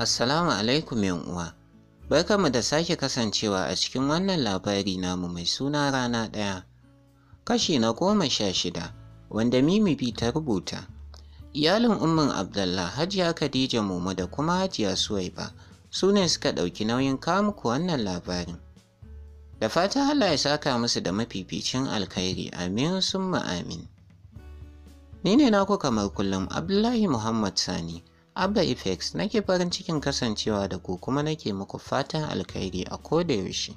Assalamu alaikum uwa. Barkanmu da sake kasancewa a cikin wannan labari namu mai suna rana ɗaya. Kashi na goma sha shida wanda Mimi bi ta rubuta. Iyalin Ummin Abdullah Hajiya Khadija Momo da kuma Hajiya Suwaiba su ne suka ɗauki nauyin kamuku wannan labarin. Da fatan Allah ya saka musu da mafificin alkhairi amin summa amin. Ni ne naku kamar kullum Abdullahi Muhammad Sani. Abba Effects nake farin cikin kasancewa da ku kuma nake muku fatan alkhairi a koda yaushe.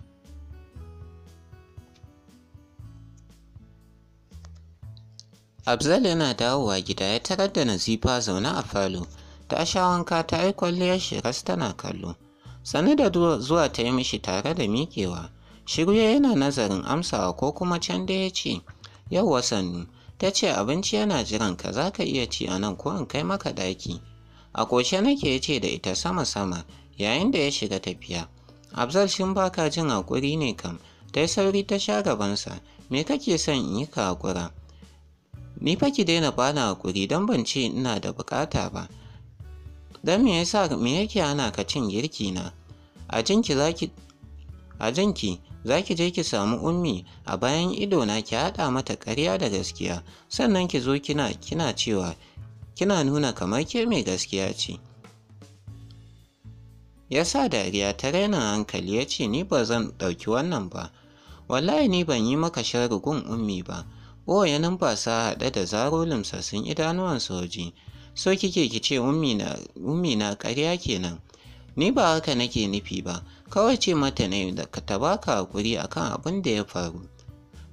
Abzal yana dawowa gida ya tarar da Nazifa zaune a falo, ta sha wanka ta yi kwalliyar shiras tana kallo. Sani da zuwa ta yi mishi tare da miƙewa, shirya yana nazarin amsawa ko kuma can da ya ce, Yau, sannu, ta ce abinci yana jiranka ka za ka iya ci a nan ko in kai maka ɗaki. a koshe nake ce da ita sama-sama yayin da ya shiga tafiya abzal shin baka jin haƙuri ne kam ta yi sauri ta sha gabansa me kake son in yi ka haƙura ni fa ki daina bani haƙuri don ban ce ina da buƙata ba don me yasa me yake ana ka cin girki na a jinki zaki za ki je ki samu ummi a bayan ido na ki haɗa mata ƙarya da gaskiya sannan ki zo kina cewa kina nuna kamar ke mai gaskiya ce. Ya sa dariya ta raina hankali ya ce ni ba zan ɗauki wannan ba, wallahi ni ban yi maka gun ummi ba, ɓoye numfasa haɗe da zaro limsassun idanuwan soji, so kike ki ce ummi na ƙarya kenan. Ni ba haka nake nufi ba, kawai ce mata ne da ta baka haƙuri akan abin da ya faru.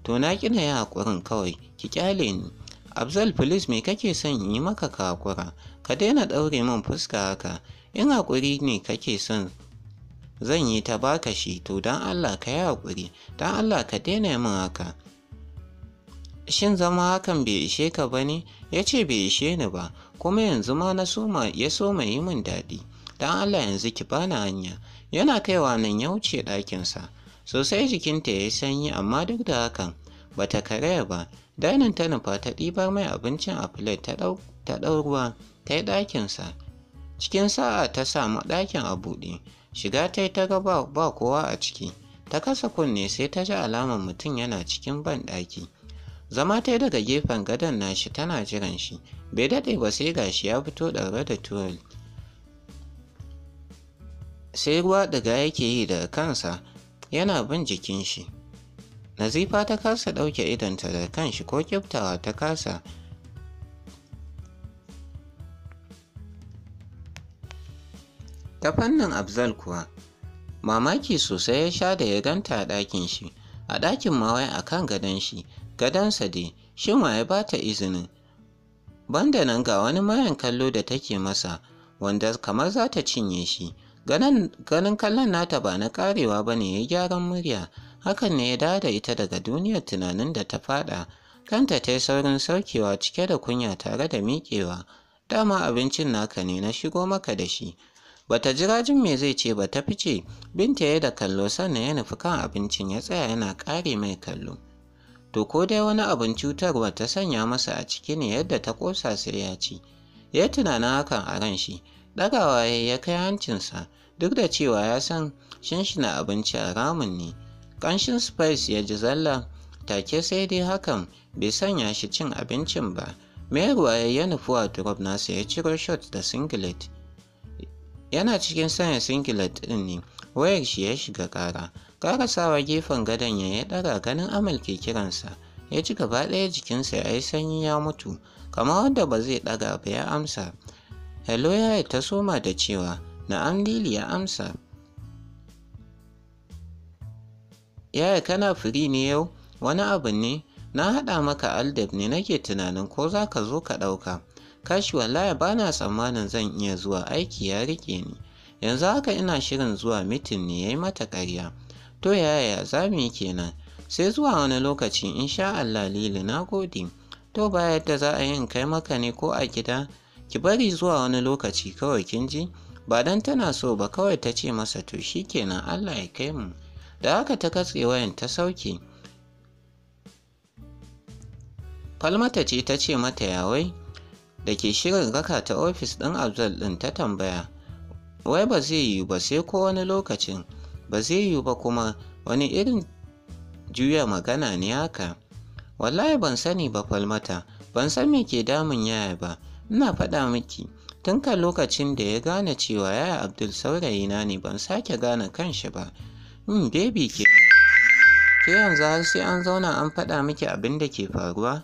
To na kina yi haƙurin kawai, ki ƙyale ni. Abzal please me kake son yi maka kakura? Ka daina ɗaure min fuska haka, in haƙuri ne kake son zan yi ta baka shi to don Allah ka yi haƙuri, don Allah ka daina min haka. Shin zama hakan bai ishe ka ba ne? Ya ce bai ishe ni ba, kuma yanzu ma na soma ya soma yi min daɗi. Don Allah yanzu ki bani hanya. Yana kaiwa nan ya wuce ɗakinsa. Sosai jikinta ya sanyi amma duk da hakan bata karaya ba Dainin ta nufa ta ɗibar mai abincin a filet ta ɗau ruwa ta yi ɗakinsa. Cikin sa'a ta samu ɗakin a buɗe, shiga ta yi ta ga ba kowa a ciki. Ta kasa kunne sai ta ji alamar mutum yana cikin banɗaki. Zama ta daga gefen gadon nashi tana jiran shi, bai daɗe ba sai gashi ya fito ɗaure da tuwal. Sai ruwa ɗiga yake yi daga kansa, yana bin jikin shi. Nazifa ta kasa ɗauke idonta da kanshi ko kyaftawa ta kasa. Ta fannin Abzal kuwa, mamaki sosai ya sha da ya ganta a ɗakin shi, a ɗakin mawai a kan gadon shi, gadonsa dai, shin waye ba ta izinin. Banda nan ga wani mayan kallo da take masa, wanda kamar za ta cinye shi, ganin kallon nata ba na ƙarewa ba ne ya gyaran murya. hakan ne ya da ita daga duniyar tunanin da ta faɗa kanta ta yi saurin saukewa cike da kunya tare da miƙewa dama abincin naka ne na shigo maka da shi bata jira jin me zai ce ba ta fice binta ya da kallo sannan ya nufi kan abincin ya tsaya yana ƙare mai kallo to ko dai wani abin cutarwa ta sanya masa a ciki ne yadda ta ƙosa sai ya ci ya tunanin hakan a ran shi ɗagawa ya kai hancinsa duk da cewa ya san shinshina abinci a ramin ne ƙanshin spice ya ji zalla take sai dai hakan bai sanya shi cin abincin ba meruwa ya nufi drop nasa ya ciro shot da singlet yana cikin sanya singlet ɗin ne wayar shi ya shiga ƙara ƙarasawa gefen gadon ya ya ɗara ganin amal ke kiransa ya ji gaba ɗaya jikinsa ya yi sanyi ya mutu kamar wanda ba zai ɗaga ba ya amsa hello ya ta soma da cewa na'am lili ya amsa Yaya kana firi ne yau? Wani abu ne? Na haɗa maka aldab ne nake tunanin ko za ka zo ka ɗauka. Kashi wallahi ba na tsammanin zan iya zuwa aiki ya rike ni. Yanzu haka ina shirin zuwa mitin ne ya yi mata karya. To yaya za mu yi kenan? Sai zuwa wani lokaci in sha Allah Lili na gode. To ba yadda za a yin kai maka ne ko a gida? Ki bari zuwa wani lokaci kawai kin ji? Ba dan tana so ba kawai ta ce masa to shi kenan Allah ya kai mu. da haka ta katse wayan ta sauke falmata ce ta ce mata yawai da ke shirin raka ta ofis ɗin abdul ɗin ta tambaya wai ba zai yiwu ba sai ko wani lokacin ba zai yiwu ba kuma wani irin juya magana ne haka wallahi ban sani ba falmata ban san me ke damun yaya ba ina faɗa miki tun kan lokacin da ya gane cewa yaya abdul saurayina ne ban sake gane kanshi ba Hmm, Debbie ke. Ke yanzu har sai an zauna an faɗa miki abin da ke faruwa?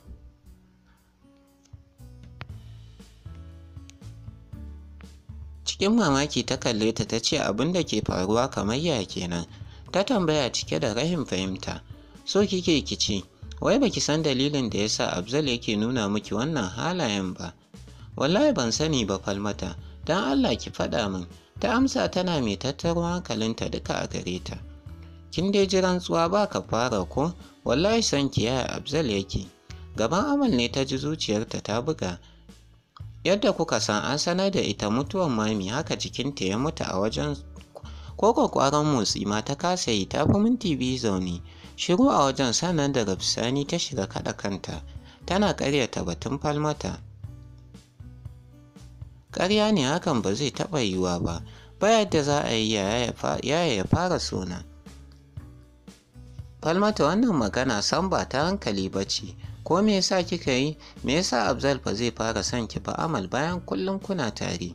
Cikin mamaki ta kalle ta ta ce abin da ke faruwa kamar ya kenan. Ta tambaya cike da rahin fahimta. So kike ki ce, wai baki san dalilin da yasa Abzal yake nuna miki wannan halayen ba. Wallahi ban sani ba falmata, don Allah ki faɗa min. Ta amsa tana mai tattaro hankalinta duka a gare ta. kin dai ji rantsuwa ba ka fara ko wallahi san ki Abzal yake gaban amal ne ta ji zuciyarta ta buga yadda kuka san an sanar da ita mutuwar mami haka jikinta ya mutu a wajen ko kwakwaran motsi ma ta kasa yi ta fi minti biyu zaune shiru a wajen sannan daga bisani ta shiga kaɗa kanta tana karyata batun falmata ƙarya ne hakan ba zai taɓa yiwuwa ba ba yadda za a yi yaya ya fara sona Falmata wannan magana san ba ta hankali ba ce, ko me yasa kika yi, me yasa Abzal ba zai fara son ki ba amal bayan kullum kuna tare.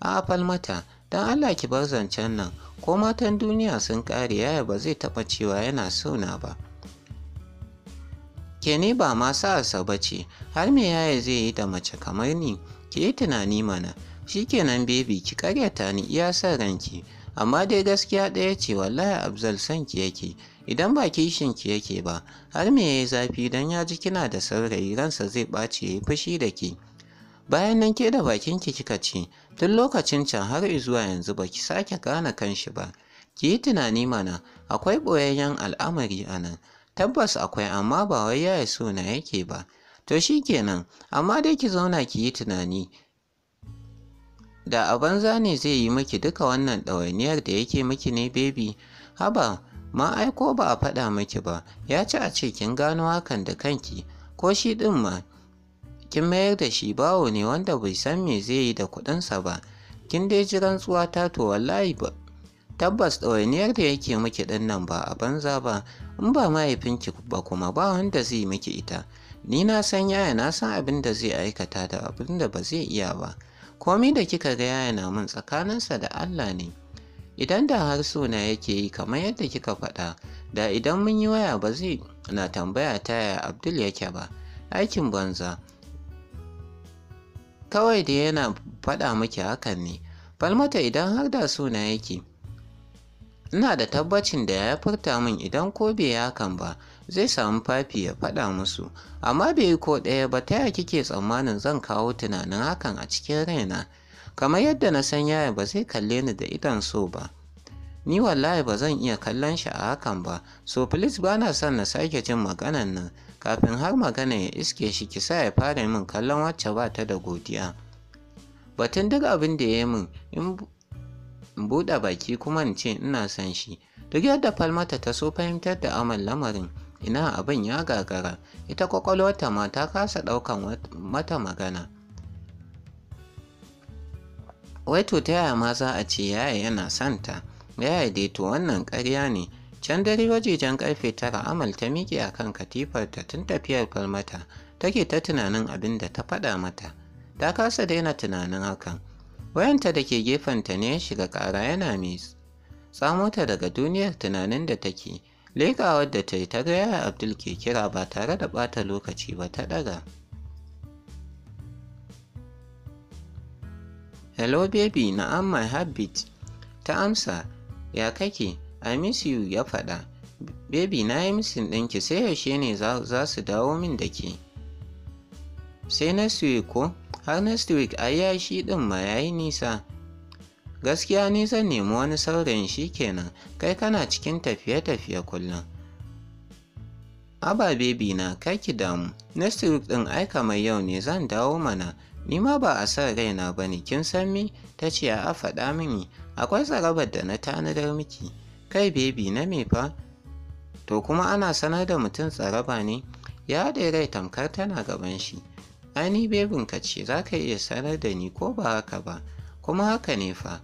A Falmata, dan Allah ki bar zancen nan, ko matan duniya sun kare yaya ba zai taba cewa yana sona ba. Ke ba ma sa'arsa ba ce, har me yaya zai yi da mace kamar ni, ki yi tunani mana, shi kenan bebi ki karyata ni iya son ranki, amma dai gaskiya ɗaya ce wallahi Abzal son ki yake. idan ba kishin ki yake ba har me yayi zafi dan ya ji kina da saurayi ransa zai ɓaci yayi fushi da ki bayan nan ke da bakin ki kika ce tun lokacin can har izuwa yanzu ba ki sake gane shi ba ki yi tunani mana akwai ɓoyayyen al'amari a nan tabbas akwai amma ba wai yaya suna na yake ba to shi kenan amma dai ki zauna ki yi tunani da a banza ne zai yi miki duka wannan ɗawainiyar da yake miki ne bebi haba ma aiko ba a faɗa miki ba ya ci a ce kin gano hakan da kanki ko shi ɗin ma kin mayar da shi bawo ne wanda bai san me zai yi da kuɗinsa ba kin dai ji rantsuwa ta to wallahi ba tabbas ɗawainiyar da yake miki ɗin nan ba a banza ba in ba mahaifinki ba kuma ba wanda zai miki ita ni na san yaya na san abin da zai aikata da abin da ba zai iya ba komi da kika ga yana na mun tsakaninsa da Allah ne idan da har sona yake yi kamar yadda kika faɗa da idan mun yi waya ba zai na tambaya ta yaya abdul yake ba aikin banza kawai da yana faɗa miki hakan ne falmata idan har da suna yake ina da tabbacin da ya furta min idan ko bai hakan ba zai samu fafi ya faɗa musu amma bai yi ko ɗaya ba ta yaya kike tsammanin zan kawo tunanin hakan a cikin raina kamar yadda na san yaya ba zai kalle ni da idon so ba ni wallahi ba zan iya kallon shi a hakan ba so please ba na son na sake jin maganan nan kafin har magana ya iske shi ki sa ya fara min kallon wacce ba ta da godiya batun duk abin da ya yi min in buɗe baki kuma in ce ina son shi duk yadda falmata ta so fahimtar da amal lamarin ina abin ya gagara ita kwakwalwarta ma ta kasa ɗaukan mata magana Wai to ta yaya ma za a ce yaya yana santa? Yaya dai to wannan karya ne. Can dare wajejen ƙarfe tara Amal ta miƙe a kan katifar ta tun tafiyar falmata take ta tunanin abin da ta faɗa mata. Ta kasa daina tunanin hakan. Wayanta da ke gefenta ne ya shiga ƙara yana mai tsamo ta daga duniyar tunanin da take. Leƙawar da ta yi ta ga yaya Abdul ke kira ba tare da ɓata lokaci ba ta ɗaga. Hello baby na am my heartbeat. Ta amsa, ya kake? I miss you ya faɗa. Baby na yi misin ɗinki sai yaushe ne za su dawo min da ke. Sai next week ko? Har next week ai ya shi ɗin ma ya yi nisa. Gaskiya ni zan nemi wani saurayin shi kenan, kai kana cikin tafiye-tafiye kullum. Aba baby na ki damu, next week ɗin ai kamar yau ne zan dawo mana. Ni ma ba a san raina ba ne, kin san mi. Ta ce a faɗa mini, akwai tsarabar da na tanadar miki. Kai bebi na me fa? To kuma ana sanar da mutum tsaraba ne? Ya rai tamkar tana gaban shi. Ai ni ka ce, za ka iya sanar da ni ko ba haka ba, kuma haka ne fa.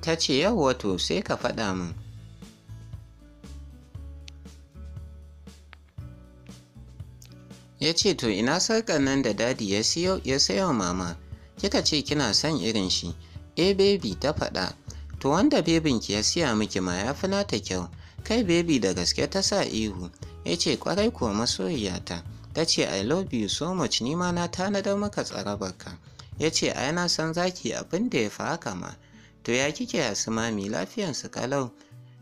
Ta ce yau wato, sai ka faɗa min. ya ce to ina sarƙar nan da dadi ya siyo ya sayo mama kika ce kina son irin shi eh baby ta faɗa to wanda ki ya siya miki ma ya fi nata kyau kai bebi da gaske ta sa ihu ya ce kwarai kuwa masoyiyata ta ce i love you so much ni ma na tanadar maka tsarabarka ya ce ai na san zaki abin da ya fi haka ma to ya kike yasu mami lafiyansu kalau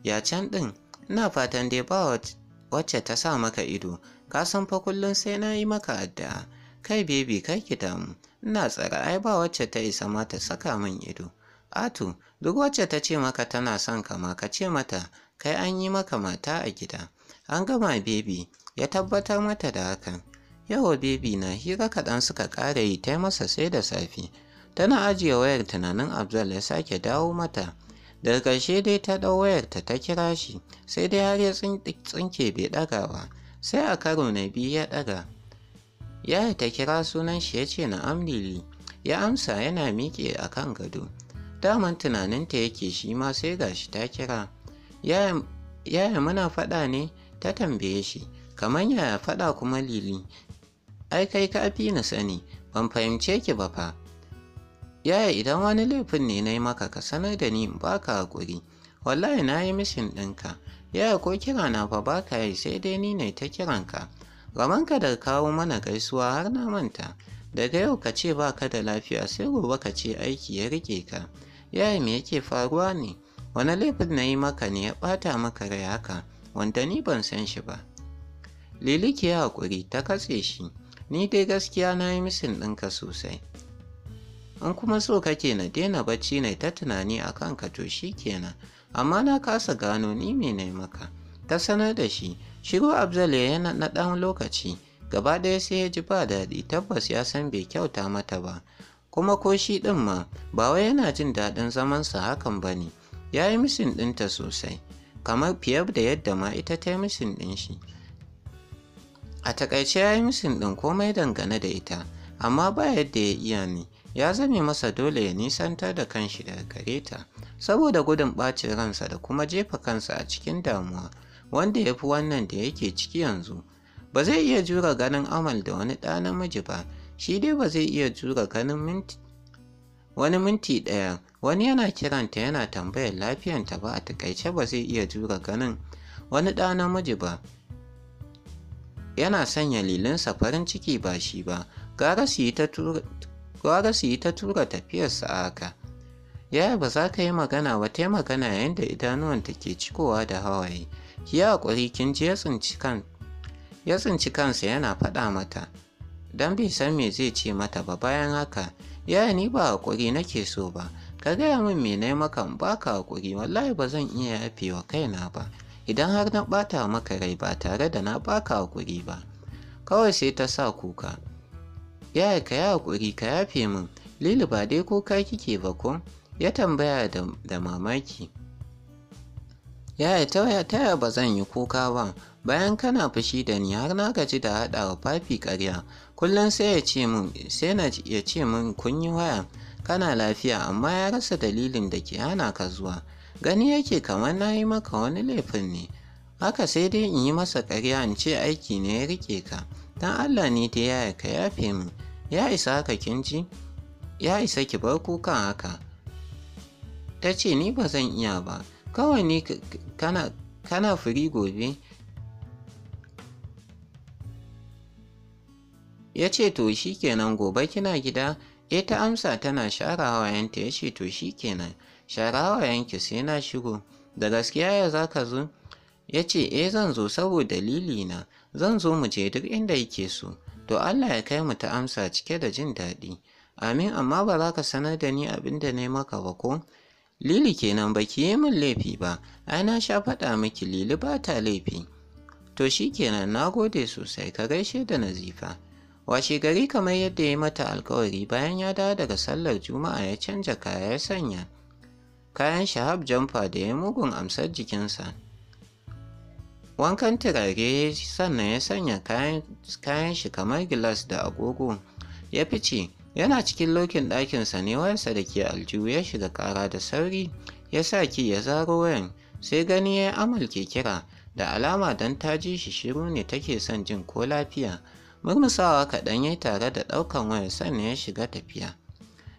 ya can ɗin ina fatan dai ba wacce ta sa maka ido ka san fa kullum sai na yi maka adda kai bebi kai ki damu ina tsara ai ba wacce ta isa ma ta saka min ido atu duk wacce ta ce maka tana son ka ma ka ce mata kai an yi maka mata a gida an gama bebi ya tabbatar mata da hakan yawa bebi na hira kaɗan suka ƙara yi ta masa sai da safe tana ajiye wayar tunanin Abdul ya sake dawo mata daga ƙarshe dai ta ɗau wayarta ta kira shi sai dai har ya tsinke bai ɗaga ba sai a karo na biyu ya ɗaga ya ta kira sunan shi ya ce na lili ya amsa yana miƙe a kan gado daman tunaninta yake shi ma sai gashi ta kira yaya muna faɗa ne ta tambaye shi kamar yaya faɗa kuma lili ai kai ka fi ni sani ban fahimce ki ba fa yaya idan wani laifin ne na yi maka ka sanar da ni ba ka haƙuri wallahi na yi mishin ɗinka Yaya ko kira na fa ba ka yi sai dai ni ne ta kiranka. Ramanka da kawo mana gaisuwa har na manta. Daga yau ka ce ba ka da lafiya sai gobe ka ce aiki ya rike ka. Yaya me yake faruwa ne? Wani laifin na yi maka ne ya ɓata maka rai haka wanda ni ban san shi ba. Lili ya haƙuri ta katse shi. Ni dai gaskiya na yi misin ɗinka sosai. An kuma so kake na daina bacci ne ta tunani a kanka to shi kenan. amma na kasa gano ni me naimaka. maka. Ta sanar da shi, shigo Abzal ya yana na ɗan lokaci, gaba ɗaya sai ya ji ba daɗi tabbas ya san bai kyauta mata ba. Kuma ko shi ɗin ma, ba wai yana jin daɗin zamansa hakan ba ne, ya yi misin ɗinta sosai, kamar fiye da yadda ma ita ta yi misin ɗin shi. A takaice ya yi misin ɗin komai dangane da ita, amma ba yadda ya iya ni. ya zame masa dole ya nisantar da kanshi daga gare ta saboda gudun ɓacin ransa da kuma jefa kansa a cikin damuwa wanda ya fi wannan da yake ciki yanzu ba zai iya jura ganin amal da wani ɗa namiji ba shi dai ba zai iya jura ganin minti wani minti ɗaya wani yana kiranta yana tambayar lafiyanta ba a takaice ba zai iya jura ganin wani ɗa namiji ba yana sanya lilinsa farin ciki ba shi ba gara su yi ta gwara su yi ta tura tafiyarsa a haka yaya ba za ka yi magana ba ta yi magana yayin da idanuwanta ke cikowa da hawaye ki yi haƙuri kin ji ya tsinci kansa yana faɗa mata don bai san me zai ce mata ba bayan haka yaya ni ba haƙuri nake so ba ka gaya min me na maka ba ka haƙuri wallahi ba zan iya yafewa kaina ba idan har na ɓata maka rai ba tare da na baka haƙuri ba kawai sai ta sa kuka Yaya ka yi haƙuri ka yafe min, Lili ba dai kuka kike ba ko? Ya tambaya da mamaki. Yaya ta taya ba zan yi kuka ba, bayan kana fushi da ni har na gaji da haɗa wa fafi ƙarya. Kullum sai ya ce min, sai na ya ce min kun yi waya, kana lafiya amma ya rasa dalilin da ke hana ka zuwa. Gani yake kamar na yi maka wani laifin ne. Haka sai dai in yi masa ƙarya in ce aiki ne ya rike ka. Dan Allah ne ta yaya ka yafe min. ya isa haka kin ji ya isa ki bar kuka haka ta ce ni ba zan iya ba kawai ni kana kana firi gobe ya ce to shi kenan gobe kina gida e ta amsa tana share hawayenta ya ce to shi kenan share hawayenki sai na shigo da gaskiya ya za ka zo ya ce e zan zo saboda na zan zo mu je duk inda yake so to Allah ya kai mu ta amsa cike da jin daɗi. Amin amma ba za ka sanar da ni abin da na maka ba ko? Lili kenan ba ki yi min laifi ba, ai na sha faɗa miki Lili ba ta laifi. To shi kenan na gode sosai ka gaishe da nazifa. Washe gari kamar yadda ya mata alkawari bayan ya dawo daga sallar juma'a ya canja kaya ya sanya. Kayan shahab jamfa da ya mugun amsar jikinsa. wankan turare sannan ya sanya kayan shi kamar gilas da agogo ya fice yana cikin lokin ɗakinsa ne wayarsa da ke aljihu ya shiga kara da sauri ya sa ki ya zaro wayan sai gani ya amal ke kira da alama don ta ji shi shiru ne take son jin ko lafiya murmusawa kaɗan ya tare da ɗaukan wayar sannan ya shiga tafiya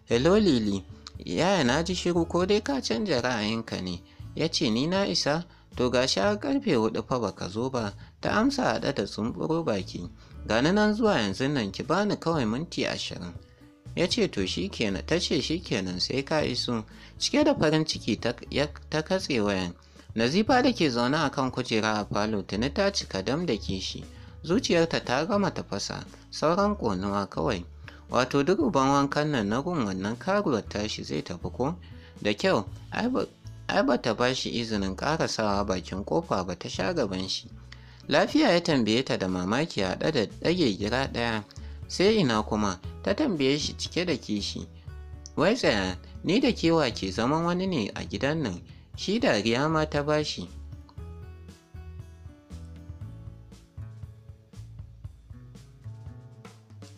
hello lili yaya na ji shiru ko dai ka canja ra'ayinka ne ya ce ni na isa to ga sha karfe hudu fa baka zo ba ta amsa haɗe da tsumburo baki gani nan zuwa yanzu nan ki bani kawai minti ashirin ya ce to shi kenan ta ce shi kenan sai ka iso cike da farin ciki ta katse wayan nazifa da ke zaune a kan kujera a falo tuni ta cika dam da kishi zuciyarta ta gama tafasa sauran ƙonuwa kawai wato duk ruban wankan nan na gun wannan karuwar tashi zai tafi ko da kyau ai ba ta ba shi izinin ƙarasawa bakin ƙofa ba ta sha gaban shi lafiya ya tambaye ta da mamaki haɗe da ɗage gira ɗaya sai ina kuma ta tambaye shi cike da kishi wai tsaya ni da kewa ke zaman wani ne a gidan nan shi dariya ma ta bashi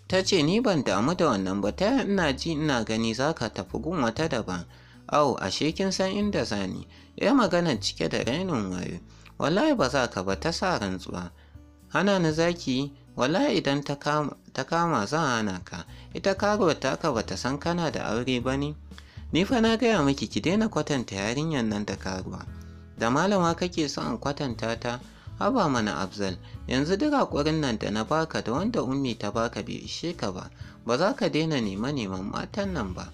ta ce ni ban damu da wannan ba ta ina ji ina gani za ka tafi gun wata daban Au, ashe kin san inda zani, ya magana cike da rainin wayo, wallahi ba za ka ba ta sa rantsuwa. Hana ni zaki, wallahi idan ta kama za hana ka, ita karuwar taka ba ta san kana da aure ba ne? Ni fa na gaya miki ki daina kwatanta yarinyar nan da karuwa. Da malama kake so in kwatanta ta, haba mana Abzal, yanzu duk haƙurin nan da na baka da wanda ummi ta baka bai ishe ka ba, ba za ka daina neman neman matan nan ba.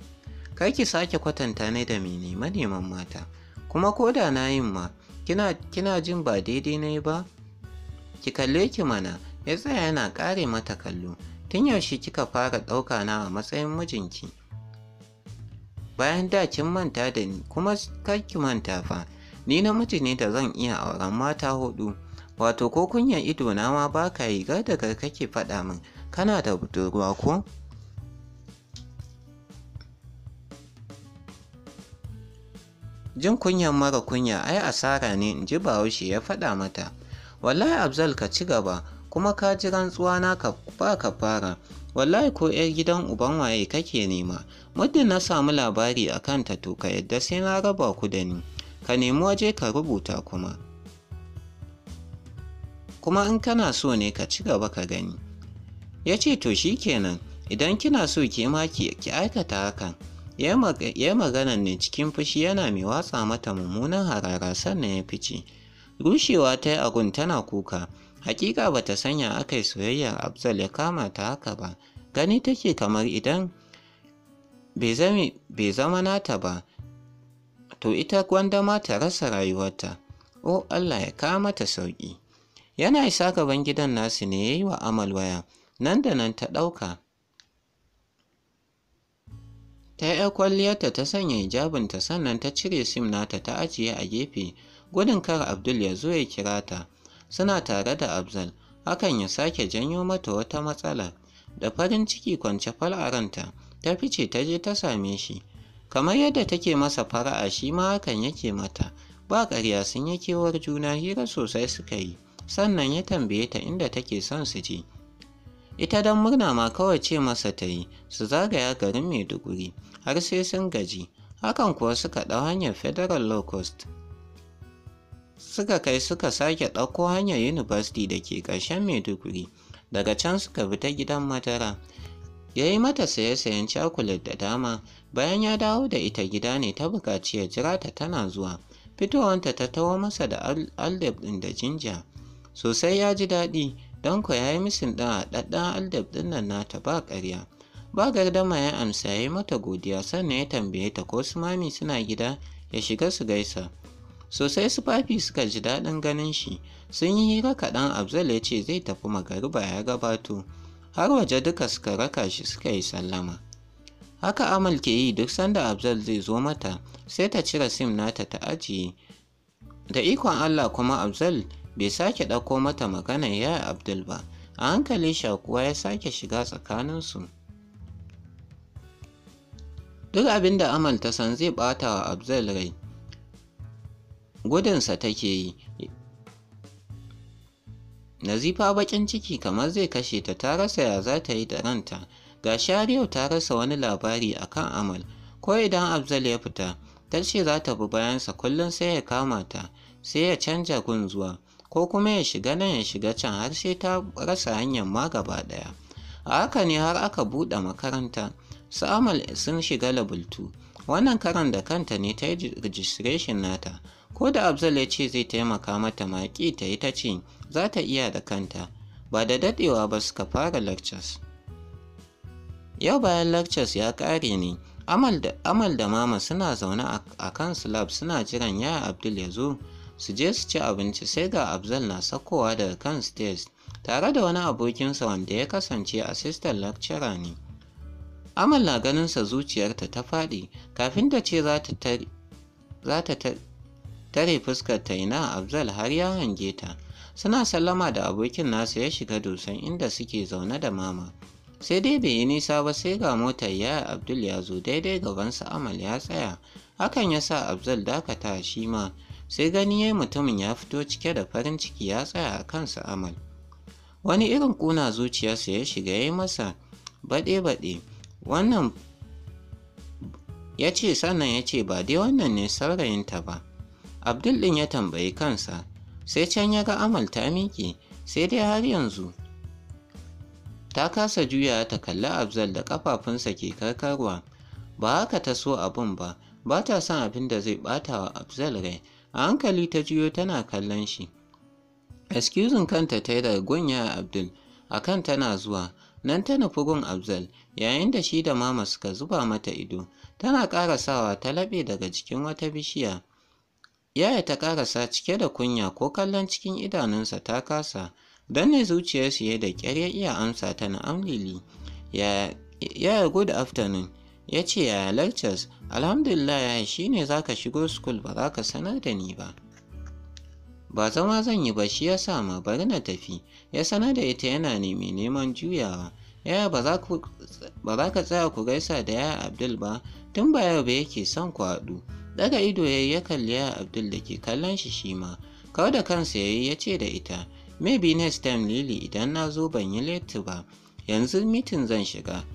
Kai ki sake kwatanta ni da mene maneman mata, kuma ko da na yin ma, kina, kina jin ba daidai na yi ba? Ki kalle ki mana, ya tsaya yana kare mata kallo, tun yaushe kika fara ɗauka na a matsayin mijinki. Bayan da kin manta da ni, kuma kar ki manta fa, ni namiji ne da zan iya auren mata hudu. wato ko kunyan ido na ma baka ka yi gar da kake faɗa min kana da budurwa ko Jin kunyan mara kunya ai asara ne in ji Bahaushe ya faɗa mata. Wallahi Abzal ka ci gaba kuma ka ji rantsuwa na ka ba ka fara. Wallahi ko 'yar gidan uban waye kake nema. Muddin na samu labari a kanta to ka yadda sai na raba ku da ni. Ka nemi waje ka rubuta kuma. Kuma in kana so ne ka ci gaba ka gani. Ya ce to shi kenan idan kina so ke ma ki aikata hakan. ya yi ne cikin fushi yana mai watsa mata mummunan harara sannan ya fice. Rushewa ta yi agun tana kuka, hakika ba ta sanya aka yi soyayyar Abzal ya kama ta haka ba, gani take kamar idan bai zama nata ba, to ita gwanda ma ta rasa rayuwarta. O Allah ya kawo mata sauƙi. Yana isa gaban gidan nasu ne ya yi wa Amal waya, nan da nan ta ɗauka. Ta ya kwalliyarta ta sanya hijabinta sannan ta cire sim nata ta ajiye a gefe gudun kar Abdul ya zo ya kira ta. Suna tare da Abzal, hakan ya sake janyo mata wata matsala. Da farin ciki kwance fal'aranta, ta fice ta je ta same shi. Kamar yadda take masa fara'a shi ma hakan yake mata, ba karya sun yi kewar juna hira sosai suka yi, sannan ya tambaye ta inda take son su je. ita don murna ma kawai ce masa ta yi su zagaya garin maiduguri har sai sun gaji hakan kuwa suka ɗau hanyar federal low cost suka kai suka sake ɗauko hanyar university da ke ƙarshen maiduguri daga can suka bi ta gidan madara ya yi mata saye-sayen cakulet da dama bayan ya dawo da ita gida ne ta buƙaci ya jira ta tana zuwa fitowanta ta tawo masa da aldeb ɗin da jinja sosai ya ji daɗi don ku ya yi misin ɗin haɗaɗɗen aldab din nan nata ba ƙarya. Ba gardama ya amsa ya yi mata godiya sannan ya tambaye ta ko su mami suna gida ya shiga su gaisa. Sosai su fafi suka ji daɗin ganin shi, sun yi hira kaɗan Abzal ya ce zai tafi magariba ya gabato, har waje duka suka raka shi suka yi sallama. Haka Amal ke yi duk sanda Abzal zai zo mata, sai ta cire sim nata ta ajiye. Da ikon Allah kuma Abzal bai sake ɗauko mata maganar yaya Abdul ba, a hankali shakuwa ya sake shiga tsakaninsu. Duk abin da Amal ta san zai ɓata wa Abdul rai, gudunsa take yi. Nazifa baƙin ciki kamar zai kashe ta ta rasa ya za ta yi da ranta, ga yau ta rasa wani labari akan Amal, ko idan Abdul ya fita, ta ce za ta bi bayansa kullum sai ya kama ta. sai ya canja gun zuwa ko kuma ya shiga nan ya shiga can har sai ta rasa hanyar ma gaba ɗaya. A haka ne har aka buɗe makaranta. Su Amal sun shiga labultu. Wannan karan da kanta ne ta yi registration nata. Ko da Abzal ya ce zai taimaka mata maƙi ta yi ta ce za ta iya da kanta. Ba da daɗewa ba suka fara lectures. Yau bayan lectures ya ƙare ne, Amal da Mama suna zaune a kan slab suna jiran yaya Abdul ya zo su je su ci abinci sai ga Abzal na sakowa daga kan stairs tare da wani abokinsa wanda ya kasance assistant lecturer ne. Amal na ganin sa zuciyarta ta faɗi kafin da ce za ta tare fuskar ta ina Abzal har ya hange ta. Suna sallama da abokin nasa ya shiga dusan inda suke zaune da mama. Sai dai bai yi nisa ba sai ga motar ya Abdul ya zo daidai gabansa Amal ya tsaya. Hakan ya sa Abzal dakata shi ma sai gani ya yi mutumin ya fito cike da farin ciki ya tsaya a kansa amal wani irin kuna zuciyarsa ya shiga ya yi masa baɗe-baɗe wannan ya ce sannan ya ce ba dai wannan ne saurayinta ba abdul ɗin ya tambayi kansa sai can ya ga amal ta miƙe sai dai har yanzu ta kasa juya ta kalli abzal da ƙafafunsa ke karkarwa ba haka ta so abin ba ba ta son abin da zai ɓata wa abzal rai A hankali ta jiyo tana kallon shi. Excusing kanta ta yi daga gunya Abdul, a kan tana zuwa, nan ta nufi gun Abzal, yayin da shi da mama suka zuba mata ido, tana ƙara ta laɓe daga cikin wata bishiya. Yaya ta sa cike da kunya ko kallon cikin idanunsa ta kasa, don ne zuciyarsu ya da ƙyar ya iya amsa ta na amlili. Yaya good afternoon, ya ce yaya lectures alhamdulillah yaya shi ne za ka shigo school ba za ka sanar da ni ba ba zama zan yi ba shi ya sa ma bari na tafi ya sanar da ita yana nemi neman juyawa yaya ba za ka tsaya ku gaisa da ya abdul ba tun ba yau ba yake son ku haɗu daga ido ya ya kalli yaya abdul da ke kallon shi shi ma kawai da kansa ya yi ya ce da ita maybe next time lily idan na zo ban yi leti ba yanzu mitin zan shiga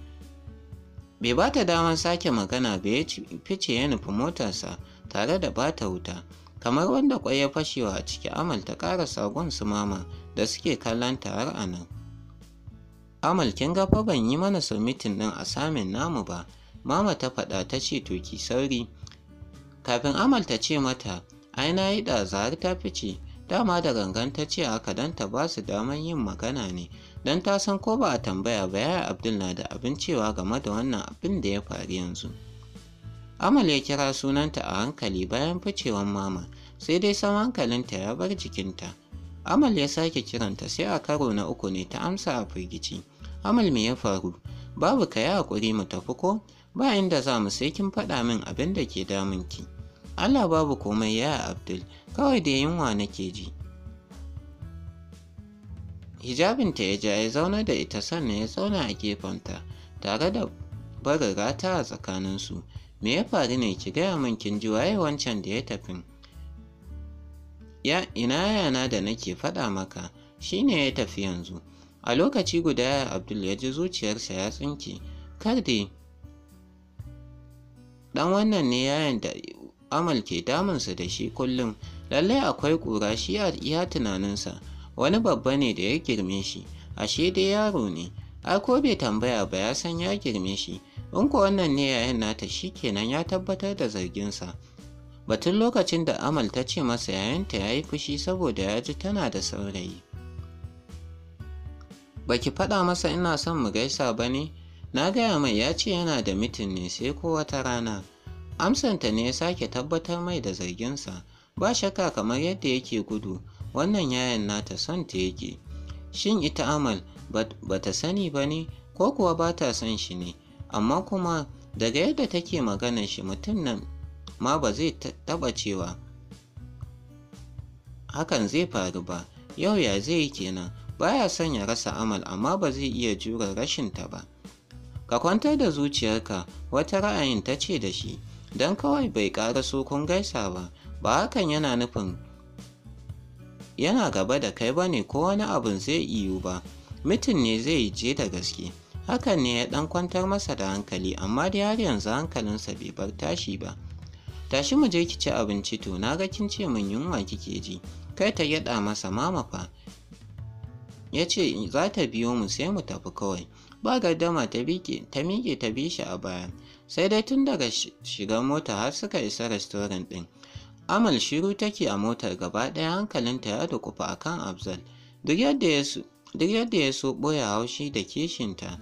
bai ba ta damar sake magana ba ya fice ya nufi motarsa tare da ba ta wuta kamar wanda kwai ya fashewa a ciki amal ta ƙara sagon su mama da suke kallon ta har a nan amal kin ga fa ban yi mana submitin ɗin a samin namu ba mama ta faɗa ta ce to ki sauri kafin amal ta ce mata ai na yi ɗazu har ta fice dama da gangan ta ce aka don ta ba su daman yin magana ne don ta san ko ba a tambaya ba yaya abdul na da abin cewa game da wannan abin da ya faru yanzu amal ya kira sunanta a hankali bayan ficewan mama sai dai san hankalinta ya bar jikinta amal ya sake kiranta sai a karo na uku ne ta amsa a firgici amal me ya faru babu ka yi hakuri mu tafi ko ba inda za mu sai kin faɗa min abin da ke damun ki. Allah babu komai ya Abdul kawai da yunwa nake ji hijabinta ya ja ya zauna da ita sannan ya zauna a gefenta tare da barin rata a tsakaninsu me ya faru ne ki gaya min kin ji waye wancan da ya tafi ina yana da nake faɗa maka shi ne ya tafi yanzu a lokaci guda ya abdul ya ji zuciyarsa ya tsinke kar dai dan wannan ne yayan da amal ke damunsa da shi kullum lallai akwai ƙura shi ya tunaninsa wani babba ne da ya girme shi ashe dai yaro ne ai ko bai tambaya ba ya san ya girme shi in ko wannan ne yayin nata shi kenan ya tabbatar da zarginsa batun lokacin da amal ta ce masa yayanta ya yi fushi saboda ya ji tana da saurayi baki faɗa masa ina son mu gaisa ba ne na gaya mai ya ce yana da mitin ne sai ko wata rana amsanta ne ya sake tabbatar mai da zarginsa Ba shakka kamar yadda yake gudu, wannan yayan nata son ta yake. Shin ita Amal ba ta sani ba ne ko kuwa ba ta son shi ne, amma kuma daga yadda take maganar shi mutum nan ma ba zai taɓa cewa hakan zai faru ba, yau ya zai yi kenan, baya son ya rasa Amal amma ba zai iya jure ta ba. Ka kwantar da zuciyarka wata ra'ayin ta ce da shi, don kawai bai ƙara so kun gaisa ba, ba hakan yana nufin yana gaba da kai ba ne ko wani abin zai iyu ba mutum ne zai je da gaske hakan ne ya ɗan kwantar masa da hankali amma dai har yanzu hankalinsa bai bar tashi ba tashi mu je ki ci abinci to na ga kin ce min yunwa kike ji kai ta gyaɗa masa mama fa ya ce za ta biyo mu sai mu tafi kawai ba gardama ta miƙe ta bi shi a baya sai dai tun daga shigar mota har suka isa restoran ɗin Amal shiru take a motar gaba ɗaya hankalinta ya dukufa a kan Afzal. Duk yadda ya so ɓoye haushi da kishinta.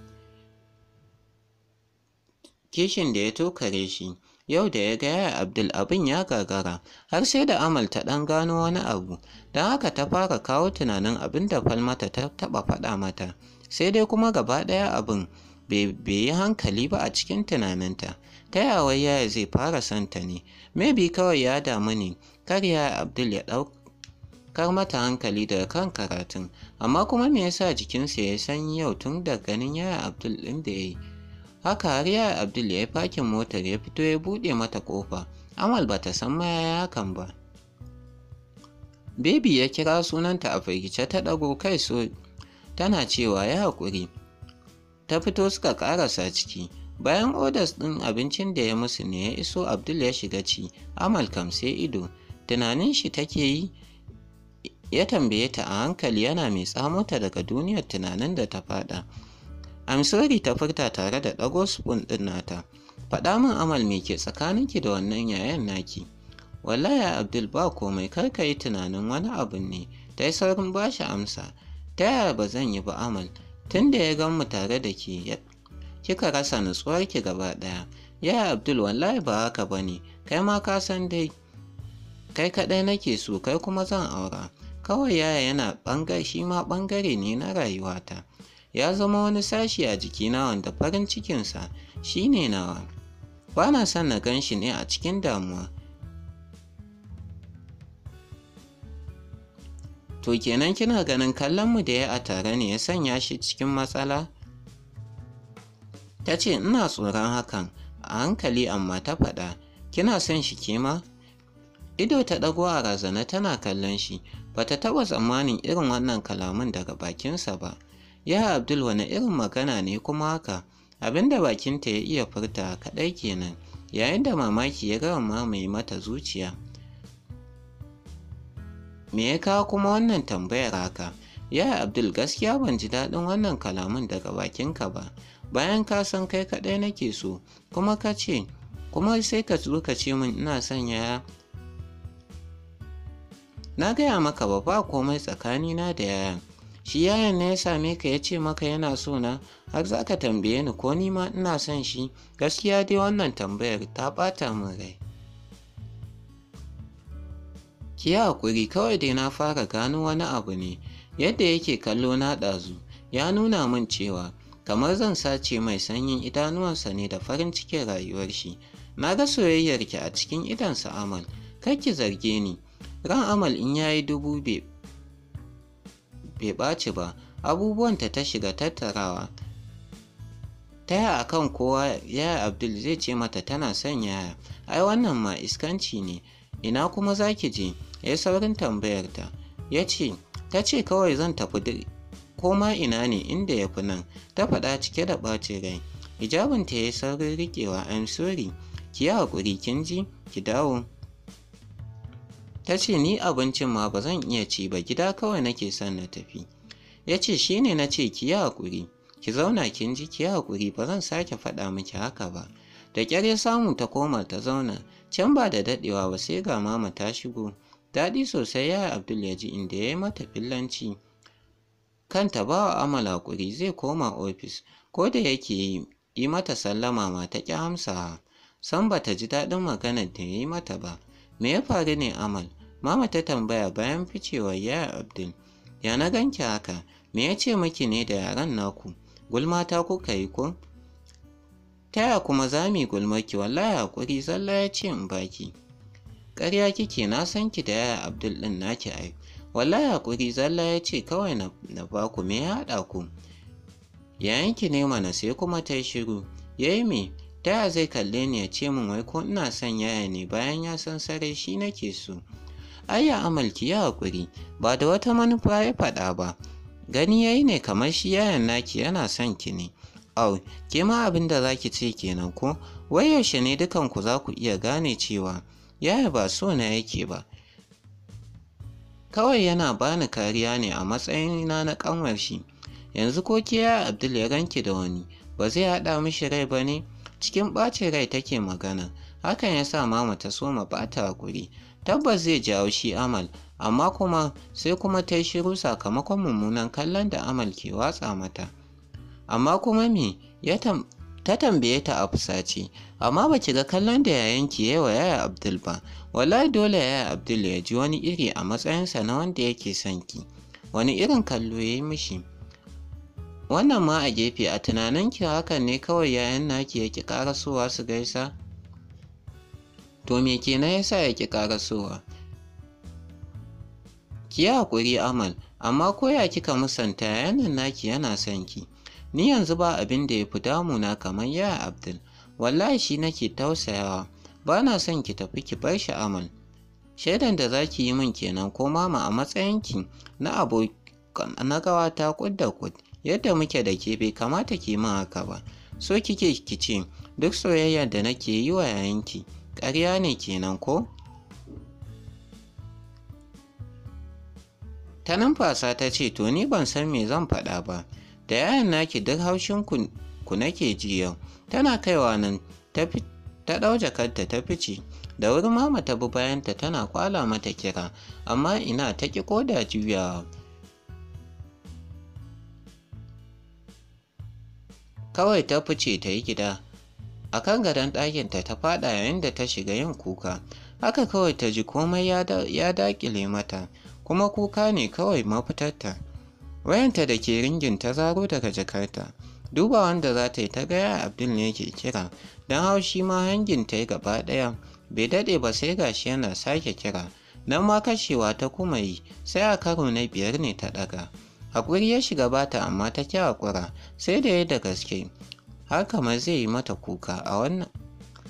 Kishin da ya tokare shi, yau da ya gaya Abdul abin ya gagara, har sai da Amal ta ɗan gano wani abu, don haka ta fara kawo tunanin abin da Falmata ta taɓa faɗa mata, sai dai kuma gaba ɗaya abin bai yi hankali ba a cikin tunaninta. ta yawai ya zai fara santa ne maybe kawai ya damu ne kar ya abdul ya ɗaukar mata hankali daga kan karatun amma kuma me yasa jikinsa ya sanyi yau tun da ganin yaya abdul ɗin da ya yi haka har yaya abdul ya yi fakin motar ya fito ya buɗe mata ƙofa amal ba ta san ma yaya hakan ba Baby ya kira sunanta a firgice ta ɗago kai so tana cewa ya haƙuri. Ta fito suka ƙarasa ciki, Bayan odas ɗin abincin da ya musu ne ya iso Abdul ya shiga ci, Amal kam ido, tunanin shi take yi ya tambaye ta a hankali yana mai tsamota daga duniyar tunanin da ta faɗa. I'm ta furta tare da ɗago spoon ɗin nata. Faɗa min Amal me ke tsakanin ki da wannan yayan naki. Wallahi Abdul ba komai kar ka yi tunanin wani abu ne, ta yi saurin bashi amsa. Ta yaya ba zan yi ba Amal, tun da ya gan mu tare da ke kika rasa nutsuwar ki gaba ɗaya ya abdul wallahi ba haka bane kai ma ka san dai kai kaɗai nake so kai kuma zan aura kawai yaya yana ɓangare shi ma ɓangare ne na rayuwata ya zama wani sashi a jikina wanda farin cikinsa shi ne nawa ba na son na gan shi ne a cikin damuwa to kenan kina ganin kallonmu da ya a tare ne ya sanya shi cikin matsala ta ce ina tsoron hakan a hankali amma ta faɗa kina son shi ke ma ido ta ɗago a razana tana kallon shi ba ta taɓa tsammanin irin wannan kalaman daga bakinsa ba ya abdul wani irin magana ne kuma haka abinda bakinta ya iya furta kaɗai kenan yayin da mamaki ya gama mamaye mata zuciya me ya kawo kuma wannan tambayar haka Ya Abdul gaskiya ban ji daɗin wannan kalaman daga bakinka ba, bayan ka san kai kaɗai nake so, kuma ka ce, kuma sai ka zo ka ce min ina son yaya. Na gaya maka ba ba komai tsakani na da yaya. Shi yayan ne ya same ka ya ce maka yana so na har za ka tambaye ni ko ni ma ina son shi gaskiya dai wannan tambayar ta ɓata min rai. Ki hakuri kawai dai na fara gano wani abu ne. Yadda yake kallo na ɗazu ya nuna min cewa kamar zan sace mai sanyin idanuwansa ne da farin cikin rayuwar shi. Na ga soyayyar ki a cikin idonsa Amal, kar ki zarge ni. Ran Amal in ya yi dubu bai ɓaci ba, abubuwanta ta shiga tattarawa. Ta yaya a kan kowa yaya Abdul zai ce mata tana son yaya, ai wannan ma iskanci ne, ina kuma za ki je, ya saurin tambayarta. Ya ce, ta ce kawai zan tafi ko ma ina ne inda ya fi nan ta faɗa cike da ɓacin rai hijabinta ya yi saurin riƙewa i'm sorry ki yi haƙuri kin ji ki dawo ta ce ni abincin ma ba zan iya ci ba gida kawai nake son na tafi ya ce shi ne na ce ki yi haƙuri ki zauna kin ji ki yi haƙuri ba zan sake faɗa miki haka ba da ƙyar ya samu ta koma ta zauna can ba da daɗewa ba sai ga mama ta shigo Daɗi sosai yaya Abdul ya ji inda ya yi mata fillanci. Kanta ba wa Amala hakuri zai koma ofis, ko da yake yi mata sallama ma ta ƙi amsa. San ba ta ji daɗin maganar da ya yi mata ba. Me ya faru ne Amal? Mama ta tambaya bayan ficewar yaya Abdul. Ya na ganki haka, me ya ce miki ne da yaran naku? Gulma ta kuka yi ko? Ta ya kuma za mu yi gulmaki wallahi haƙuri, zalla ya ce in baki. ƙarya kike na san ki da yaya abdul ɗin naki ai wallahi hakuri zalla ya ce kawai na ba ku me ya haɗa ku yayan ki ne mana sai kuma ta yi shiru yayi me ta ya zai kalle ni ya ce min wai ko ina son yaya ne bayan ya san sarai shi nake so ai ya amalki ya hakuri ba da wata manufa ya faɗa ba gani yayi ne kamar shi yayan naki yana son ki ne au ke ma abin da za ce kenan ko wai yaushe ne dukanku za ku iya gane cewa yaya ba so na yake ba kawai yana bani kariya ne a matsayina na ƙanwar shi yanzu ko ke ya abdul ya ranki da wani ba zai haɗa mishi rai ba ne cikin ɓacin rai take magana hakan ya sa mama ta so ma bata hakuri tabbas zai jawo shi amal amma kuma sai kuma ta yi shiru sakamakon mummunan kallon da amal ke watsa mata amma kuma me ya ta tambaye ta a fusace amma ba ki ga kallon da yayanki yayi wa yaya abdul ba wallahi dole yaya abdul ya ji wani iri a matsayinsa na wanda yake son ki wani irin kallo ya yi mishi wannan ma a gefe a tunaninki hakan ne kawai yayan naki yake karasowa su gaisa to me kenan yasa yake karasowa ki yi haƙuri amal amma ko ya kika musanta yanan naki yana son ki ni yanzu ba abin da ya fi damuna kamar ya Abdul, wallahi shi nake tausayawa, ba na son ki tafi ki bar shi amal. Shaidan da za ki yi min kenan ko mama a matsayinki na abu na ta kud da kud, yadda muke da ke bai kamata ki min haka ba. So kike ki ce, duk soyayyar da nake yi wa yayanki, ƙarya ne kenan ko? Ta numfasa ta ce, to ni ban san me zan faɗa ba. da yayan naki duk haushin ku nake ji yau tana kaiwa nan ta ɗau jakarta ta fice da wuri mama ta bi bayanta tana kwala mata kira amma ina ta ƙi koda juyawa kawai ta fice ta yi gida a kan gadon ɗakinta ta faɗa yayin da ta shiga yin kuka haka kawai ta ji komai ya daƙile mata kuma kuka ne kawai mafitarta wayanta da ke ringin ta zaro daga jakarta duba wanda za ta yi ta gaya a abdul ne ke kira don haushi ma hangin ta yi gaba ɗaya bai daɗe ba sai gashi yana sake kira don ma kashewa ta kuma yi sai a karo na biyar ne ta ɗaga haƙuri ya shiga bata amma ta kyawa ƙura sai da ya da gaske har kamar zai yi mata kuka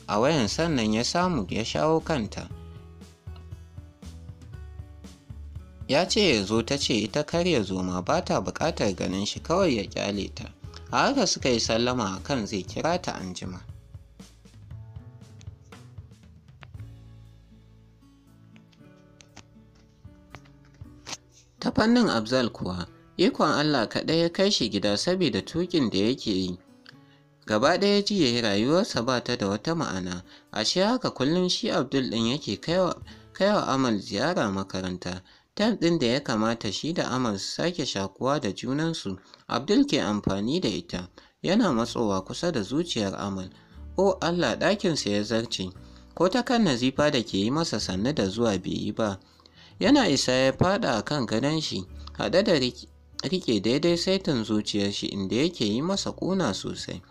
a wayan sannan ya samu ya shawo kanta ya ce ya zo ta ce ita kar ya zoma ba ta buƙatar ganin shi kawai ya ƙyale ta a haka suka yi sallama a kan zai kira ta anjima ta fannin abzal kuwa ikon allah kaɗai ya kai shi gida saboda tukin da yake yi gaba ɗaya jiya rayuwarsa ba ta da wata ma'ana a ashe haka kullum shi abdul ɗin yake kaiwa amal ziyara makaranta Time ɗin da ya kamata shi da Amal su sake shakuwa da junansu, Abdul ke amfani da ita, yana matsowa kusa da zuciyar Amal. O Allah ɗakinsa ya zarce, ko ta kan nazifa da ke yi masa sannu da zuwa bai yi ba. Yana isa ya faɗa a kan gadon shi, haɗe da riƙe daidai saitin zuciyar shi inda yake yi masa ƙuna sosai.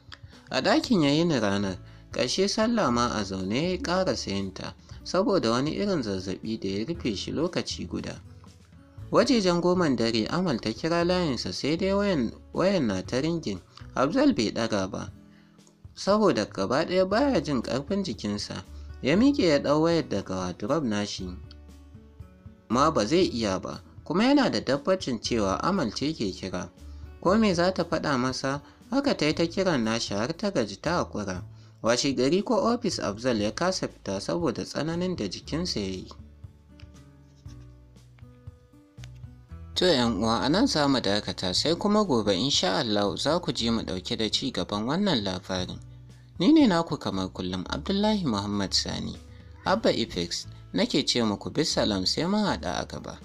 A ɗakin ya yi ranar, ƙarshe sallah ma a zaune ya ƙara sayinta, saboda wani irin zazzaɓi da ya rufe shi lokaci guda. wajejen goman dare amal ta kira layinsa sai dai wayan na ta ringin abdul bai ɗaga ba saboda gaba ɗaya baya jin ƙarfin jikinsa ya miƙe ya ɗau wayar daga wardrobe nashi ma ba zai iya ba kuma yana da tabbacin cewa amal ce ke kira ko me za ta faɗa masa haka ta yi ta kiran nashi har ta gaji ta haƙura washe gari ko ofis abzal ya kasa fita saboda tsananin da jikinsa ya yi To yan uwa a nan za mu dakata sai kuma gobe insha Allah za ku ji mu ɗauke da ci gaban wannan labarin. Ni ne naku kamar kullum Abdullahi Muhammad Sani, Abba Ifex nake ce muku bisalam sai mun haɗa a gaba.